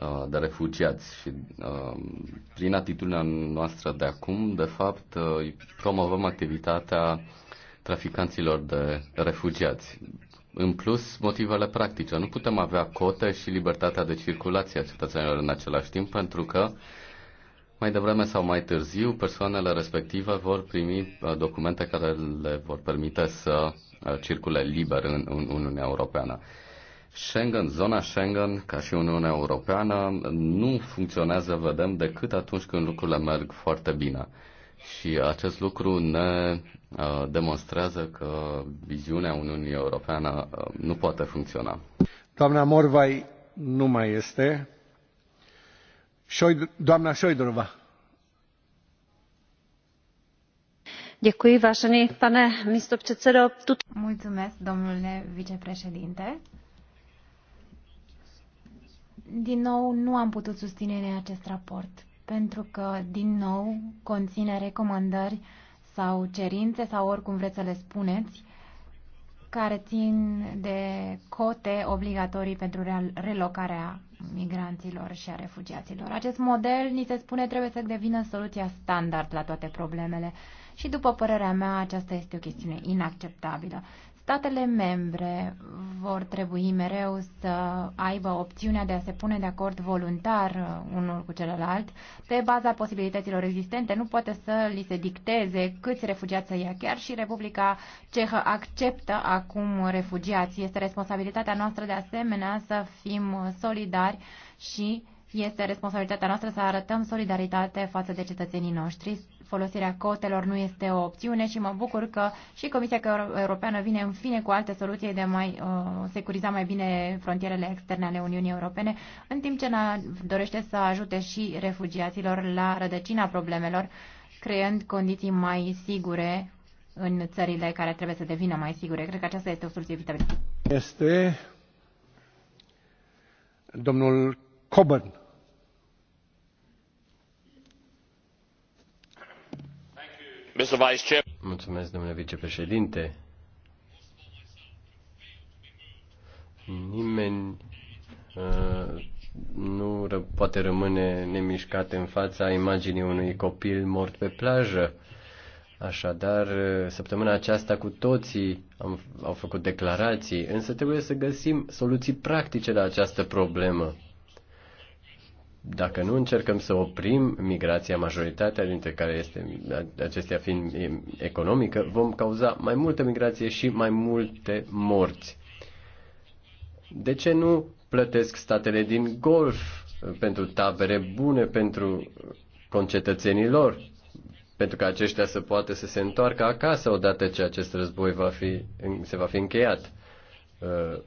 uh, de refugiați și uh, prin atitudinea noastră de acum, de fapt, promovăm activitatea traficanților de refugiați. În plus, motivele practice. Nu putem avea cote și libertatea de circulație a cetățenilor în același timp, pentru că mai devreme sau mai târziu, persoanele respective vor primi uh, documente care le vor permite să uh, circule liber în, în Uniunea Europeană. Schengen, zona Schengen, ca și Uniunea Europeană, nu funcționează, vedem, decât atunci când lucrurile merg foarte bine. Și acest lucru ne uh, demonstrează că viziunea Uniunii Europeană uh, nu poate funcționa. Doamna Morvai nu mai este. Șoid doamna Șoidrova. Děkuji, vážený pane předsedo. Tut... Mulțumesc, domnule vicepreședinte. Din nou, nu am putut susține acest raport pentru că, din nou, conține recomandări sau cerințe sau oricum vreți să le spuneți, care țin de cote obligatorii pentru relocarea migranților și a refugiaților. Acest model, ni se spune, trebuie să devină soluția standard la toate problemele și, după părerea mea, aceasta este o chestiune inacceptabilă. Statele membre vor trebui mereu să aibă opțiunea de a se pune de acord voluntar uh, unul cu celălalt pe baza posibilităților existente. Nu poate să li se dicteze câți refugiați să ia chiar și Republica Cehă acceptă acum refugiați. Este responsabilitatea noastră de asemenea să fim solidari și este responsabilitatea noastră să arătăm solidaritate față de cetățenii noștri. Folosirea cotelor nu este o opțiune și mă bucur că și Comisia Europeană vine în fine cu alte soluții de mai uh, securiza mai bine frontierele externe ale Uniunii Europene, în timp ce dorește să ajute și refugiaților la rădăcina problemelor, creând condiții mai sigure în țările care trebuie să devină mai sigure. Cred că aceasta este o soluție vitală. Este domnul Coburn Mulțumesc, domnule vicepreședinte. Nimeni uh, nu poate rămâne nemișcat în fața imaginii unui copil mort pe plajă. Așadar, uh, săptămâna aceasta cu toții am, au făcut declarații, însă trebuie să găsim soluții practice la această problemă. Dacă nu încercăm să oprim migrația, majoritatea dintre care este acestea fiind economică, vom cauza mai multă migrație și mai multe morți. De ce nu plătesc statele din Golf uh, pentru tabere bune pentru concetățenii lor, pentru că aceștia să poată să se întoarcă acasă odată ce acest război va fi, se va fi încheiat. Uh,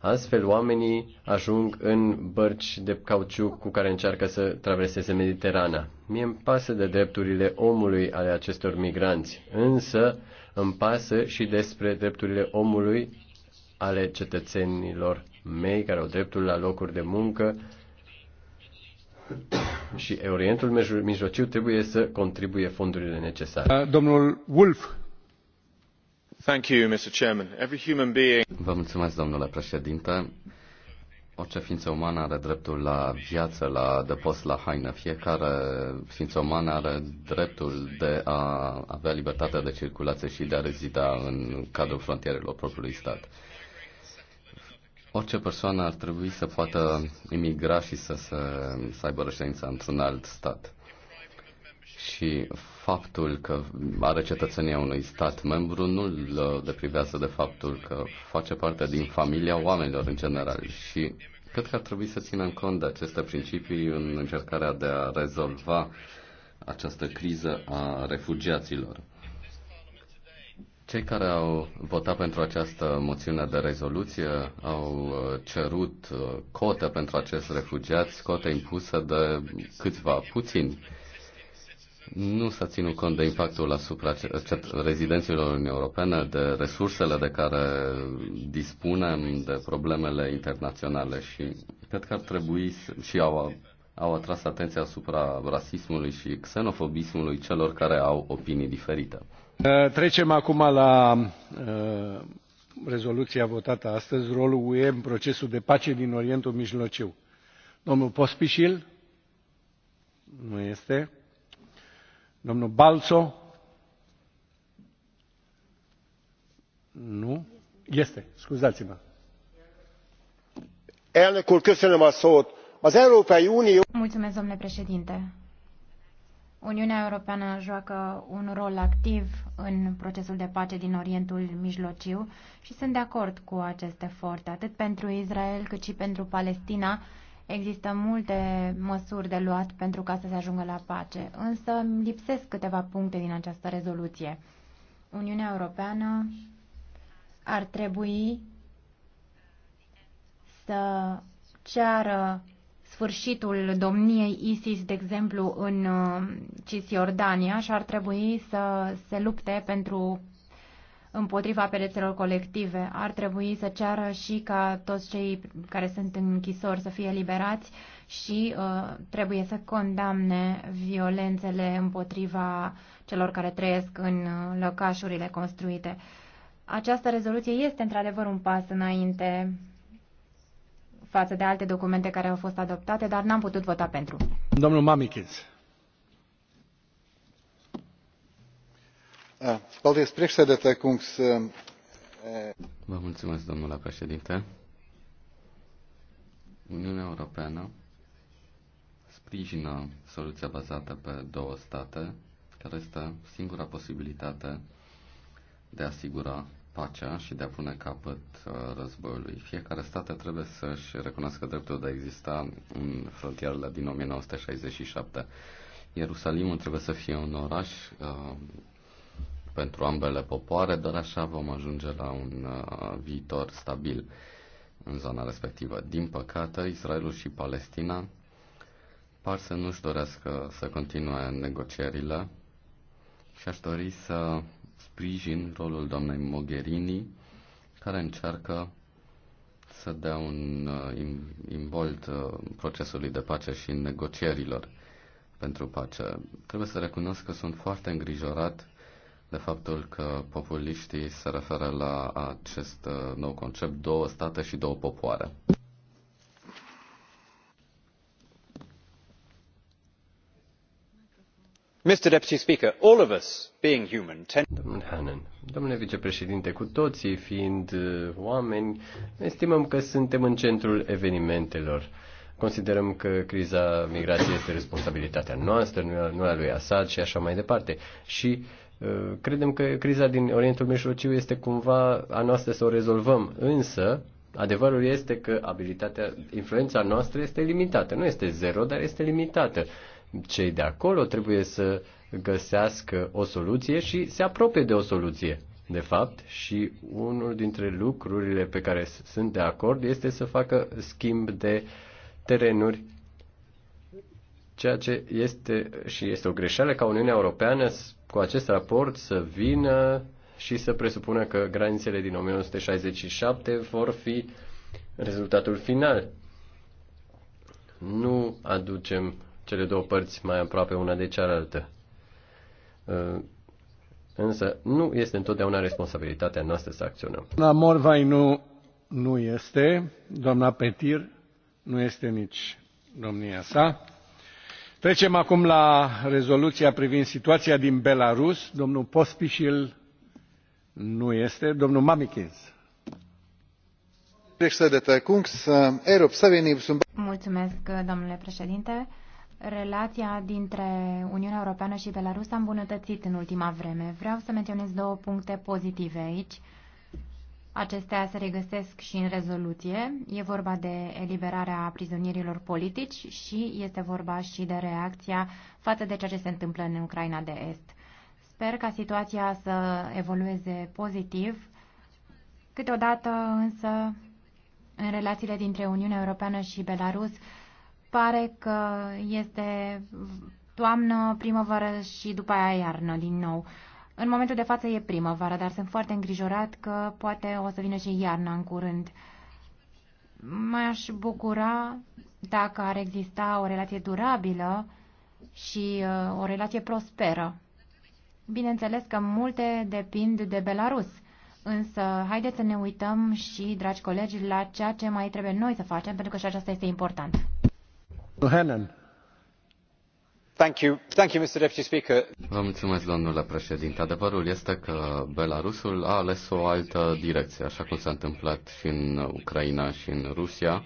Astfel, oamenii ajung în bărci de cauciuc cu care încearcă să traverseze Mediterana. Mie îmi pasă de drepturile omului ale acestor migranți, însă îmi pasă și despre drepturile omului ale cetățenilor mei care au dreptul la locuri de muncă și Orientul Mijlociu trebuie să contribuie fondurile necesare. Uh, domnul Wolf Vă mulțumesc, domnule președinte. Orice ființă umană are dreptul la viață, la adăpost, la haină. Fiecare ființă umană are dreptul de a avea libertatea de circulație și de a rezida în cadrul frontierelor propriului stat. Orice persoană ar trebui să poată imigra și să, se, să aibă reședința într-un alt stat. Și faptul că are cetățenia unui stat membru nu îl uh, deprivează de faptul că face parte din familia oamenilor în general și cred că ar trebui să ținem cont de aceste principii în încercarea de a rezolva această criză a refugiaților. Cei care au votat pentru această moțiune de rezoluție au uh, cerut uh, cote pentru acești refugiați, cote impuse de câțiva puțini nu s-a ținut cont de impactul asupra rezidenților Uniunii Europene, de resursele de care dispunem, de problemele internaționale și cred că ar trebui și au, au atras atenția asupra rasismului și xenofobismului celor care au opinii diferite. Uh, trecem acum la uh, rezoluția votată astăzi, rolul UE în procesul de pace din Orientul Mijlociu. Domnul Pospișil? Nu este. Domnul Balzo, Nu? Este. Scuzați-mă. Elnök úr, köszönöm a szót. Az Európai Unió... Mulțumesc, domnule președinte. Uniunea Europeană joacă un rol activ în procesul de pace din Orientul Mijlociu și sunt de acord cu acest efort, atât pentru Israel cât și pentru Palestina Există multe măsuri de luat pentru ca să se ajungă la pace, însă lipsesc câteva puncte din această rezoluție. Uniunea Europeană ar trebui să ceară sfârșitul domniei ISIS, de exemplu, în uh, Cisjordania și ar trebui să se lupte pentru împotriva pedețelor colective. Ar trebui să ceară și ca toți cei care sunt în închisori să fie liberați și uh, trebuie să condamne violențele împotriva celor care trăiesc în uh, lăcașurile construite. Această rezoluție este într-adevăr un pas înainte față de alte documente care au fost adoptate, dar n-am putut vota pentru. Domnul Mamikins. Ah, paldies, kungs. Um, mulțumesc, domnule președinte. Uniunea Europeană sprijină soluția bazată pe două state, care este singura posibilitate de a asigura pacea și de a pune capăt uh, războiului. Fiecare stat trebuie să-și recunoască dreptul de a exista în frontierele din 1967. Ierusalimul trebuie să fie un oraș uh, pentru ambele popoare, dar așa vom ajunge la un uh, viitor stabil în zona respectivă. Din păcate, Israelul și Palestina par să nu-și dorească să continue negocierile și aș dori să sprijin rolul doamnei Mogherini, care încearcă să dea un uh, involt uh, procesului de pace și negocierilor pentru pace. Trebuie să recunosc că sunt foarte îngrijorat de faptul că populiștii se referă la acest uh, nou concept două state și două popoare. human, Hannan, domnule vicepreședinte, cu toții fiind uh, oameni, estimăm că suntem în centrul evenimentelor. Considerăm că criza migrației este responsabilitatea noastră, nu a, nu a lui Assad și așa mai departe. Și uh, Credem că criza din Orientul Mijlociu este cumva a noastră să o rezolvăm, însă adevărul este că abilitatea, influența noastră este limitată. Nu este zero, dar este limitată. Cei de acolo trebuie să găsească o soluție și se apropie de o soluție. De fapt, și unul dintre lucrurile pe care sunt de acord este să facă schimb de terenuri ceea ce este și este o greșeală ca Uniunea Europeană cu acest raport să vină și să presupună că granițele din 1967 vor fi rezultatul final. Nu aducem cele două părți mai aproape una de cealaltă. Uh, însă nu este întotdeauna responsabilitatea noastră să acționăm. Doamna Morvai nu, nu este, doamna Petir nu este nici domnia sa. Trecem acum la rezoluția privind situația din Belarus. Domnul pospil nu este. Domnul Mamikins. Eh, Mulțumesc, eh, domnule președinte. Relația dintre Uniunea Europeană și Belarus s-a îmbunătățit în ultima vreme. Vreau să menționez două puncte pozitive aici. Acestea se regăsesc și în rezoluție. E vorba de eliberarea prizonierilor politici și este vorba și de reacția față de ceea ce se întâmplă în Ucraina de Est. Sper ca situația să evolueze pozitiv. Câteodată însă, în relațiile dintre Uniunea Europeană și Belarus, pare că este toamnă, primăvară și după aia iarnă din nou. În momentul de față e primăvară, dar sunt foarte îngrijorat că poate o să vină și iarna în curând. M-aș bucura dacă ar exista o relație durabilă și uh, o relație prosperă. Bineînțeles că multe depind de Belarus, însă haideți să ne uităm și, dragi colegi, la ceea ce mai trebuie noi să facem, pentru că și aceasta este important. Hannan mulțumesc, domnule președinte. Adevărul este că Belarusul a ales o altă direcție, așa cum s-a întâmplat și în Ucraina și în Rusia.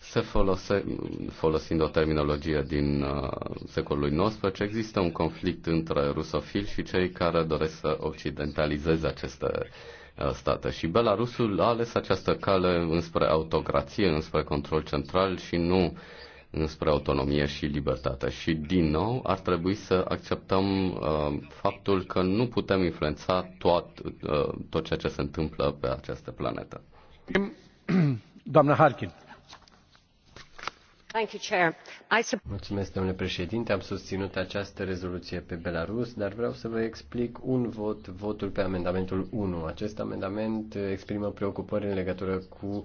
Se folose, folosind o terminologie din uh, secolului XIX, există un conflict între rusofili și cei care doresc să occidentalizeze aceste uh, state. Și Belarusul a ales această cale înspre autocrație, înspre control central și nu uh, înspre autonomie și libertate. Și, din nou, ar trebui să acceptăm uh, faptul că nu putem influența tot, uh, tot ceea ce se întâmplă pe această planetă. Doamna Harkin. Mulțumesc, domnule președinte. Am susținut această rezoluție pe Belarus, dar vreau să vă explic un vot, votul pe amendamentul 1. Acest amendament exprimă preocupări în legătură cu uh,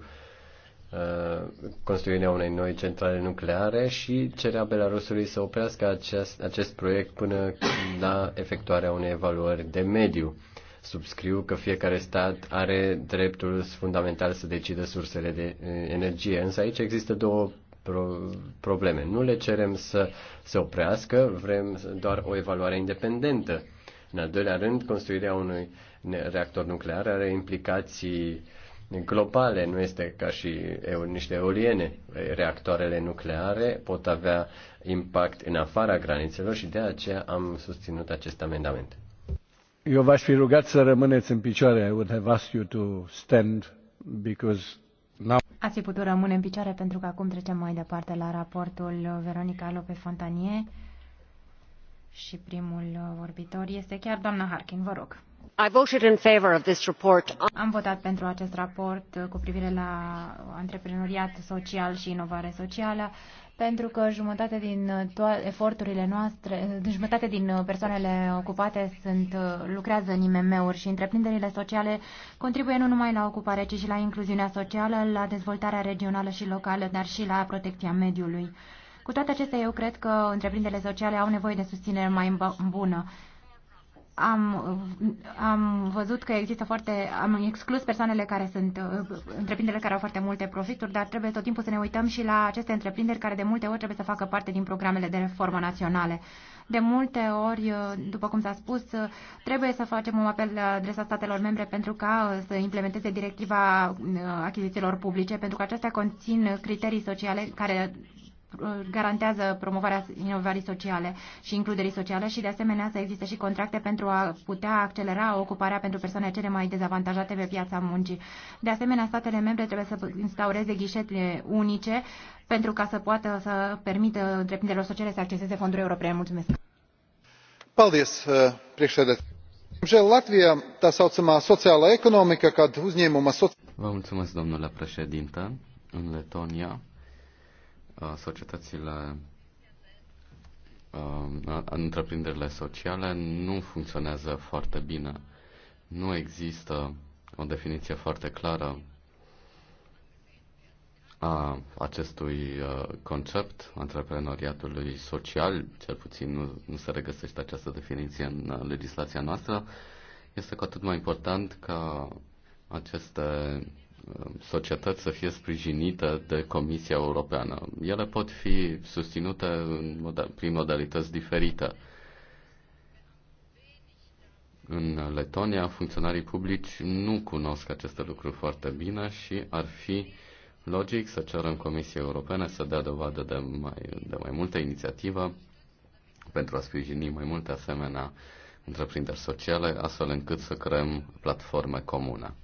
Uh, construirea unei noi centrale nucleare și cerea Belarusului să oprească acest, acest proiect până la efectuarea unei evaluări de mediu. Subscriu că fiecare stat are dreptul fundamental să decidă sursele de uh, energie, însă aici există două pro- probleme. Nu le cerem să se oprească, vrem doar o evaluare independentă. În al doilea rând, construirea unui reactor nuclear are implicații uh, globale, nu este ca și niște eoliene. Reactoarele nucleare pot avea impact în afara granițelor și de aceea am susținut acest amendament. Eu v-aș fi rugat să rămâneți în picioare. I would have asked you to stand because now... Ați fi putut rămâne în picioare pentru că acum trecem mai departe la raportul Veronica Lope Fontanie și primul vorbitor este chiar doamna Harkin. Vă rog. Am votat pentru acest raport cu privire la antreprenoriat social și inovare socială, pentru că jumătate din eforturile noastre, deci jumătate din persoanele ocupate sunt, lucrează în IMM-uri și întreprinderile sociale contribuie nu numai la ocupare, ci și la incluziunea socială, la dezvoltarea regională și locală, dar și la protecția mediului. Cu toate acestea, eu cred că întreprinderile sociale au nevoie de susținere mai bună am, am văzut că există foarte, am exclus persoanele care sunt, întreprinderile care au foarte multe profituri, dar trebuie tot timpul să ne uităm și la aceste întreprinderi care de multe ori trebuie să facă parte din programele de reformă naționale. De multe ori, după cum s-a spus, trebuie să facem un apel la adresa statelor membre pentru ca să implementeze directiva achizițiilor publice, pentru că acestea conțin criterii sociale care garantează promovarea inovării sociale și includerii sociale și de asemenea să existe și contracte pentru a putea accelera ocuparea pentru persoane cele mai dezavantajate pe piața muncii. De asemenea, statele membre trebuie să instaureze ghișetele unice pentru ca să poată să permită întreprinderilor sociale să acceseze fonduri europene. Mulțumesc! Paldies, uh, președinte! Žēl Latvijā tā saucamā sociālā ekonomika, kad uzņēmuma sociālā. Vă mulțumesc, domnule președinte. În Letonia, societățile, întreprinderile sociale nu funcționează foarte bine. Nu există o definiție foarte clară a acestui concept, antreprenoriatului social, cel puțin nu, nu se regăsește această definiție în legislația noastră, este cu atât mai important ca aceste societăți să fie sprijinite de Comisia Europeană. Ele pot fi susținute în model, prin modalități diferite. În Letonia, funcționarii publici nu cunosc aceste lucruri foarte bine și ar fi logic să cerem Comisiei Europene să dea dovadă de mai, de mai multă inițiativă pentru a sprijini mai multe asemenea întreprinderi sociale, astfel încât să creăm platforme comune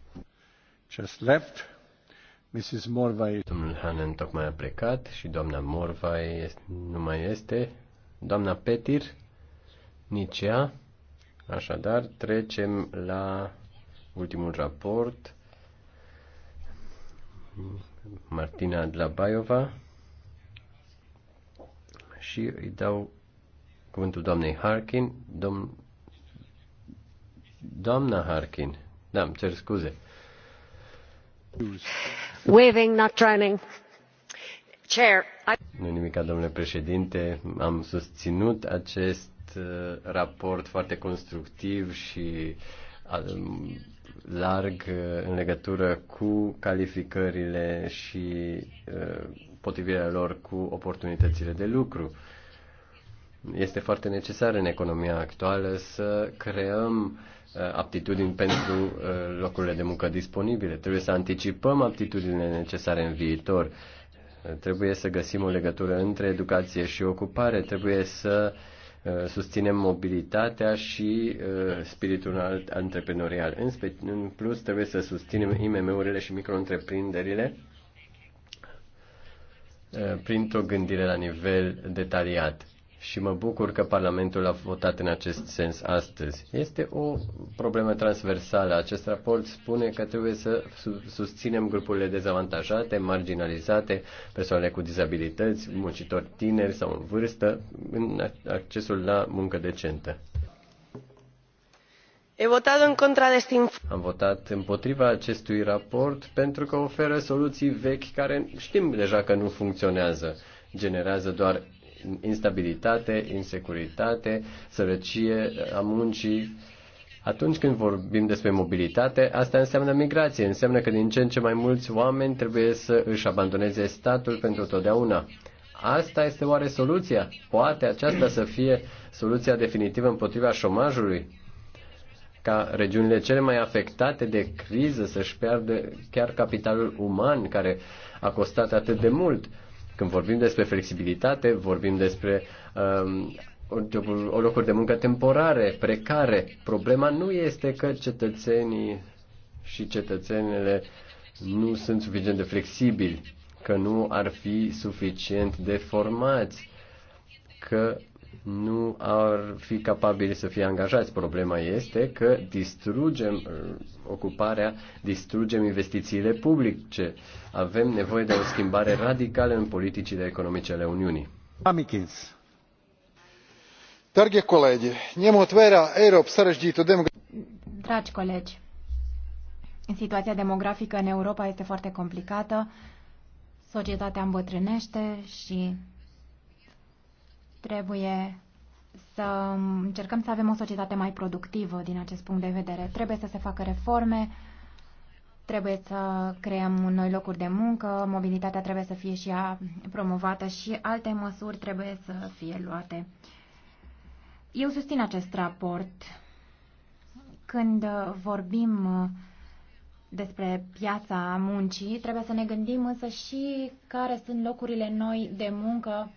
just left. Mrs. Morvai. Domnul Hanen tocmai a plecat și doamna Morvai nu mai este. Doamna Petir, nici ea. Așadar, trecem la ultimul raport. Martina Dlabaiova și îi dau cuvântul doamnei Harkin. Domn... Doamna Harkin, da, îmi cer scuze. Waving, not drowning. Chair. Nu nimic, domnule președinte. Am susținut acest uh, raport foarte constructiv și uh, larg uh, în legătură cu calificările și potrivirea lor cu oportunitățile de lucru. Este foarte necesar în economia actuală să creăm Uh, aptitudini pentru uh, locurile de muncă disponibile. Trebuie să anticipăm aptitudinile necesare în viitor. Uh, trebuie să găsim o legătură între educație și ocupare. Trebuie să susținem mobilitatea și spiritul antreprenorial. În plus, trebuie să susținem IMM-urile și micro-întreprinderile printr-o gândire la nivel detaliat și mă bucur că Parlamentul a votat în acest sens astăzi. Este o problemă transversală. Acest raport spune că trebuie să susținem grupurile dezavantajate, marginalizate, persoanele cu dizabilități, muncitori tineri sau în vârstă, în accesul la muncă decentă. He votat în contra de Am votat împotriva acestui raport pentru că oferă soluții vechi care știm deja că nu funcționează generează doar instabilitate, insecuritate, sărăcie a muncii. Atunci când vorbim despre mobilitate, asta înseamnă migrație, înseamnă că din ce în ce mai mulți oameni trebuie să își abandoneze statul pentru totdeauna. Asta este oare soluția? Poate aceasta să fie soluția definitivă împotriva șomajului? Ca regiunile cele mai afectate de criză să-și piardă chiar capitalul uman care a costat atât de mult? Când vorbim despre flexibilitate, vorbim despre um, o locuri de muncă temporare, precare. Problema nu este că cetățenii și cetățenele nu sunt suficient de flexibili, că nu ar fi suficient de formați, că nu ar fi capabili să fie angajați. Problema este că distrugem uh, ocuparea, distrugem investițiile publice. Avem nevoie de o schimbare radicală în politicile economice ale Uniunii. Amikins. Dragi colegi, njemu să Europe sărășditu Dragi colegi, situația demografică în Europa este foarte complicată, societatea îmbătrânește și Trebuie să încercăm să avem o societate mai productivă din acest punct de vedere. Trebuie să se facă reforme, trebuie să creăm noi locuri de muncă, mobilitatea trebuie să fie și ea promovată și alte măsuri trebuie să fie luate. Eu susțin acest raport. Când vorbim despre piața muncii, trebuie să ne gândim însă și care sunt locurile noi de muncă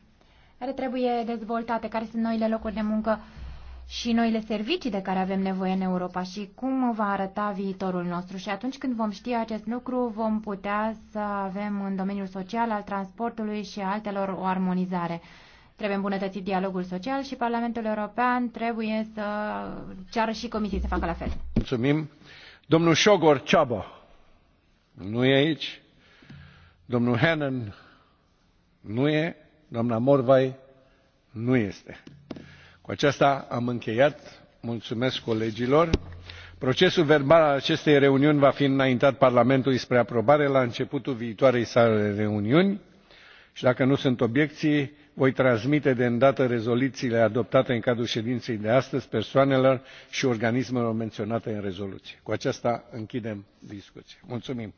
care trebuie dezvoltate, care sunt noile locuri de muncă și noile servicii de care avem nevoie în Europa și cum va arăta viitorul nostru. Și atunci când vom ști acest lucru, vom putea să avem în domeniul social, al transportului și altelor o armonizare. Trebuie îmbunătățit dialogul social și Parlamentul European trebuie să ceară și comisii să facă la fel. Mulțumim. Domnul Șogor Ceaba nu e aici. Domnul Hannan nu e doamna morvai nu este. cu aceasta am încheiat mulțumesc colegilor. procesul verbal al acestei reuniuni va fi înaintat parlamentului spre aprobare la începutul viitoarei sale reuniuni și dacă nu sunt obiecții voi transmite de îndată rezoluțiile adoptate în cadrul ședinței de astăzi persoanelor și organismelor menționate în rezoluție. cu aceasta închidem discuția. mulțumim.